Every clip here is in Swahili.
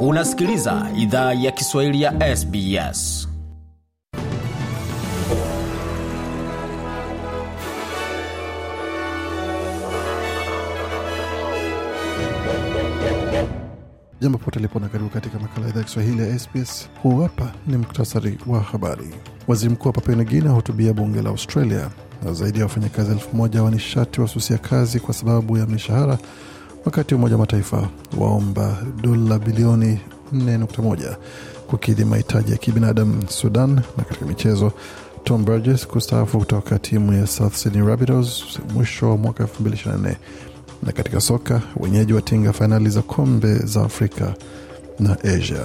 Unasikiliza idhaa ya Kiswahili ya SBS. Jambo pote lipo na karibu katika makala ya idhaa ya Kiswahili ya SBS. Huu hapa ni muktasari wa habari. Waziri Mkuu wa Papua New ahutubia bunge la Australia, na zaidi ya wafanyakazi elfu moja wa nishati wasusia kazi kwa sababu ya mishahara wakati Umoja wa Mataifa waomba dola bilioni 4.1 kukidhi mahitaji ya kibinadamu Sudan. Na katika michezo, Tom Burgess kustaafu kutoka timu ya South Sydney Rabbitohs mwisho wa mwaka 2024. Na katika soka, wenyeji watinga fainali za kombe za Afrika na Asia.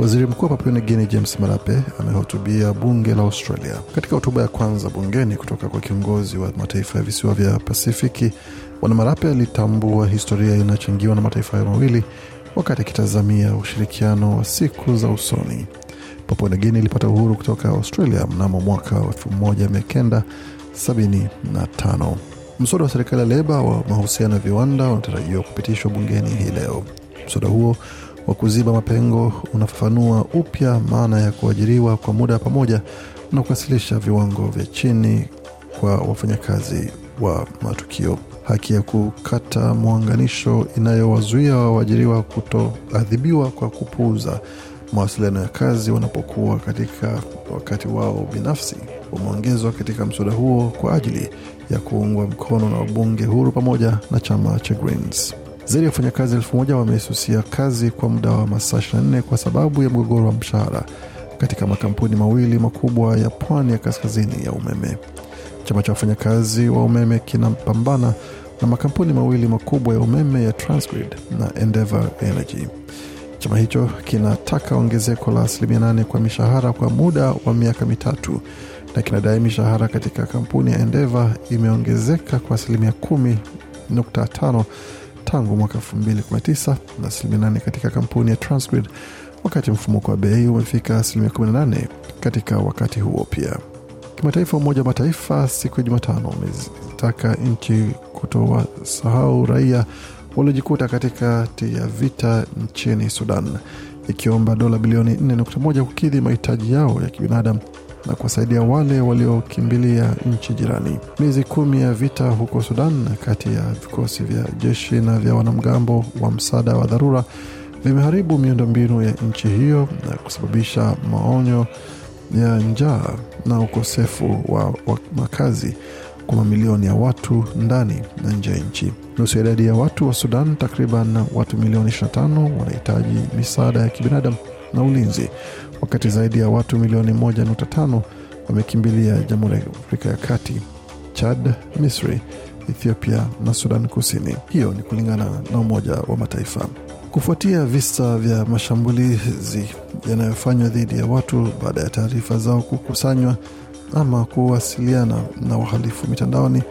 Waziri Mkuu wa Papua New Guinea James Marape amehutubia bunge la Australia. Katika hotuba ya kwanza bungeni kutoka kwa kiongozi wa mataifa ya visiwa vya Pasifiki, Bwana Marape alitambua historia inayochangiwa na mataifa hayo mawili wakati akitazamia ushirikiano wa siku za usoni. Papua New Guinea ilipata uhuru kutoka Australia mnamo mwaka wa 1975. Mswada wa serikali ya leba wa mahusiano ya viwanda unatarajiwa kupitishwa bungeni hii leo. Mswada huo wa kuziba mapengo unafafanua upya maana ya kuajiriwa kwa muda pamoja na kuwasilisha viwango vya chini kwa wafanyakazi wa matukio haki ya kukata mwanganisho inayowazuia waajiriwa kutoadhibiwa kwa kupuuza mawasiliano ya kazi wanapokuwa katika wakati wao binafsi umeongezwa katika mswada huo kwa ajili ya kuungwa mkono na wabunge huru pamoja na chama cha Greens. Zaidi ya wafanyakazi elfu moja wamesusia kazi kwa muda wa masaa 24 kwa sababu ya mgogoro wa mshahara katika makampuni mawili makubwa ya pwani ya kaskazini ya umeme. Chama cha wafanyakazi wa umeme kinapambana na makampuni mawili makubwa ya umeme ya Transgrid na Endeavour Energy. Chama hicho kinataka ongezeko la asilimia nane kwa mishahara kwa muda wa miaka mitatu na kinadai mishahara katika kampuni ya Endeavour imeongezeka kwa asilimia kumi nukta tano tangu mwaka 2019 na asilimia 8 katika kampuni ya Transgrid, wakati mfumuko wa bei umefika asilimia 18 katika wakati huo pia. Kimataifa, Umoja wa Mataifa siku ya Jumatano umezitaka nchi kutowasahau raia waliojikuta katikati ya vita nchini Sudan, ikiomba dola bilioni 4.1 kukidhi mahitaji yao ya kibinadamu na kuwasaidia wale waliokimbilia nchi jirani. Miezi kumi ya vita huko Sudan kati ya vikosi vya jeshi na vya wanamgambo wa msaada wa dharura vimeharibu miundombinu ya nchi hiyo na kusababisha maonyo ya njaa na ukosefu wa, wa makazi kwa mamilioni ya watu ndani na nje ya nchi. Nusu ya idadi ya watu wa Sudan, takriban watu milioni 25, wanahitaji misaada ya kibinadamu na ulinzi, wakati zaidi ya watu milioni 1.5 wamekimbilia Jamhuri ya Afrika ya Kati, Chad, Misri, Ethiopia na Sudan Kusini. Hiyo ni kulingana na Umoja wa Mataifa. Kufuatia visa vya mashambulizi yanayofanywa dhidi ya watu baada ya taarifa zao kukusanywa ama kuwasiliana na wahalifu mitandaoni,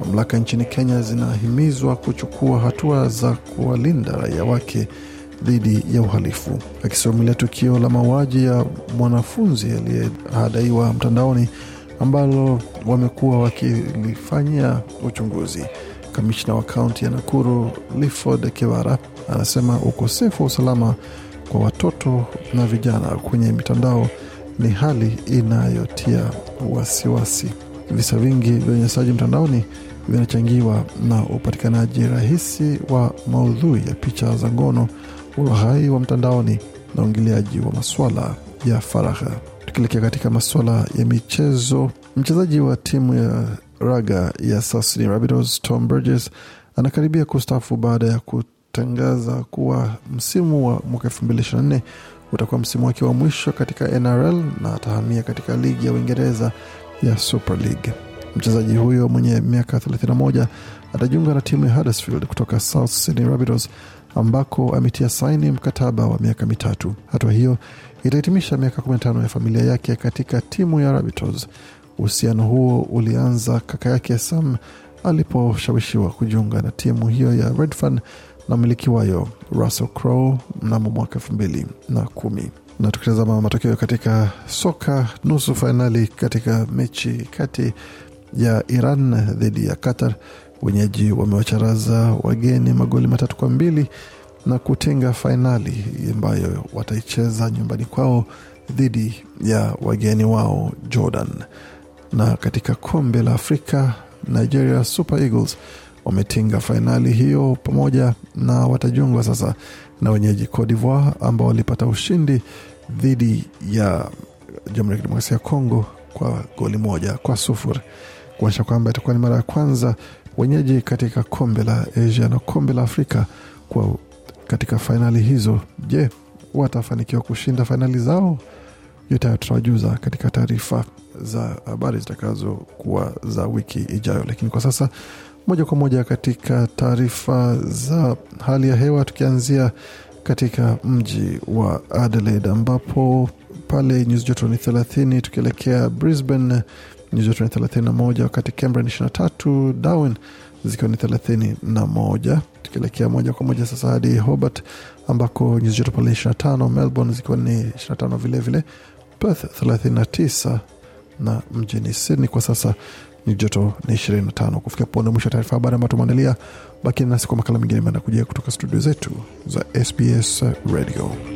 mamlaka nchini Kenya zinahimizwa kuchukua hatua za kuwalinda raia wake dhidi ya uhalifu. Akisomelia tukio la mauaji ya mwanafunzi aliyehadaiwa mtandaoni ambalo wamekuwa wakilifanyia uchunguzi. Kamishna wa kaunti ya Nakuru Clifford kevara anasema ukosefu wa usalama kwa watoto na vijana kwenye mitandao ni hali inayotia wasiwasi. Visa vingi vya unyanyasaji mtandaoni vinachangiwa na upatikanaji rahisi wa maudhui ya picha za ngono uhai wa mtandaoni na uingiliaji wa maswala ya faragha. Tukielekea katika maswala ya michezo, mchezaji wa timu ya raga ya Sasni Rabidos Tom Burgess anakaribia kustafu baada ya kutangaza kuwa msimu wa mwaka nne utakuwa msimu wake wa mwisho katika NRL na atahamia katika ligi ya Uingereza ya Super League. Mchezaji huyo mwenye miaka 31 atajiunga na timu ya Huddersfield kutoka South Sydney Rabbitohs ambako ametia saini mkataba wa miaka mitatu. Hatua hiyo itahitimisha miaka 15 ya familia yake katika timu ya Rabbitohs. Uhusiano huo ulianza kaka yake Sam aliposhawishiwa kujiunga na timu hiyo ya Redfern na mmiliki wayo Russell Crowe mnamo mwaka elfu mbili na kumi. Na tukitazama matokeo katika soka, nusu fainali katika mechi kati ya Iran dhidi ya Qatar Wenyeji wamewacharaza wageni magoli matatu kwa mbili na kutinga fainali ambayo wataicheza nyumbani kwao dhidi ya wageni wao Jordan. Na katika kombe la Afrika, Nigeria Super Eagles wametinga fainali hiyo pamoja na watajungwa sasa na wenyeji codivoi ambao walipata ushindi dhidi ya Jamhuri ya Kidemokrasia ya Kongo kwa goli moja kwa sufuri kuonyesha kwamba itakuwa ni mara ya kwanza wenyeji katika kombe la Asia na kombe la Afrika kwa katika fainali hizo. Je, watafanikiwa kushinda fainali zao? Yote hayo tutawajuza katika taarifa za habari zitakazokuwa za wiki ijayo, lakini kwa sasa moja kwa moja katika taarifa za hali ya hewa, tukianzia katika mji wa Adelaide ambapo pale nyuzi joto ni 30, tukielekea Brisbane nyuzoto ni 31 wakati cambra ni 23 Darwin zikiwa ni 31 tukielekea moja kwa moja sasa hadi Hobart ambako nyuzi joto pale 25 Melbourne zikiwa ni 25 vilevile vile. Perth 39 na mjini Sydney kwa sasa nyuzi joto ni 25 kufikia punde mwisho wa taarifa habari ambayo tumeandalia bakini nasi kwa makala mengine meanda kujia kutoka studio zetu za SBS Radio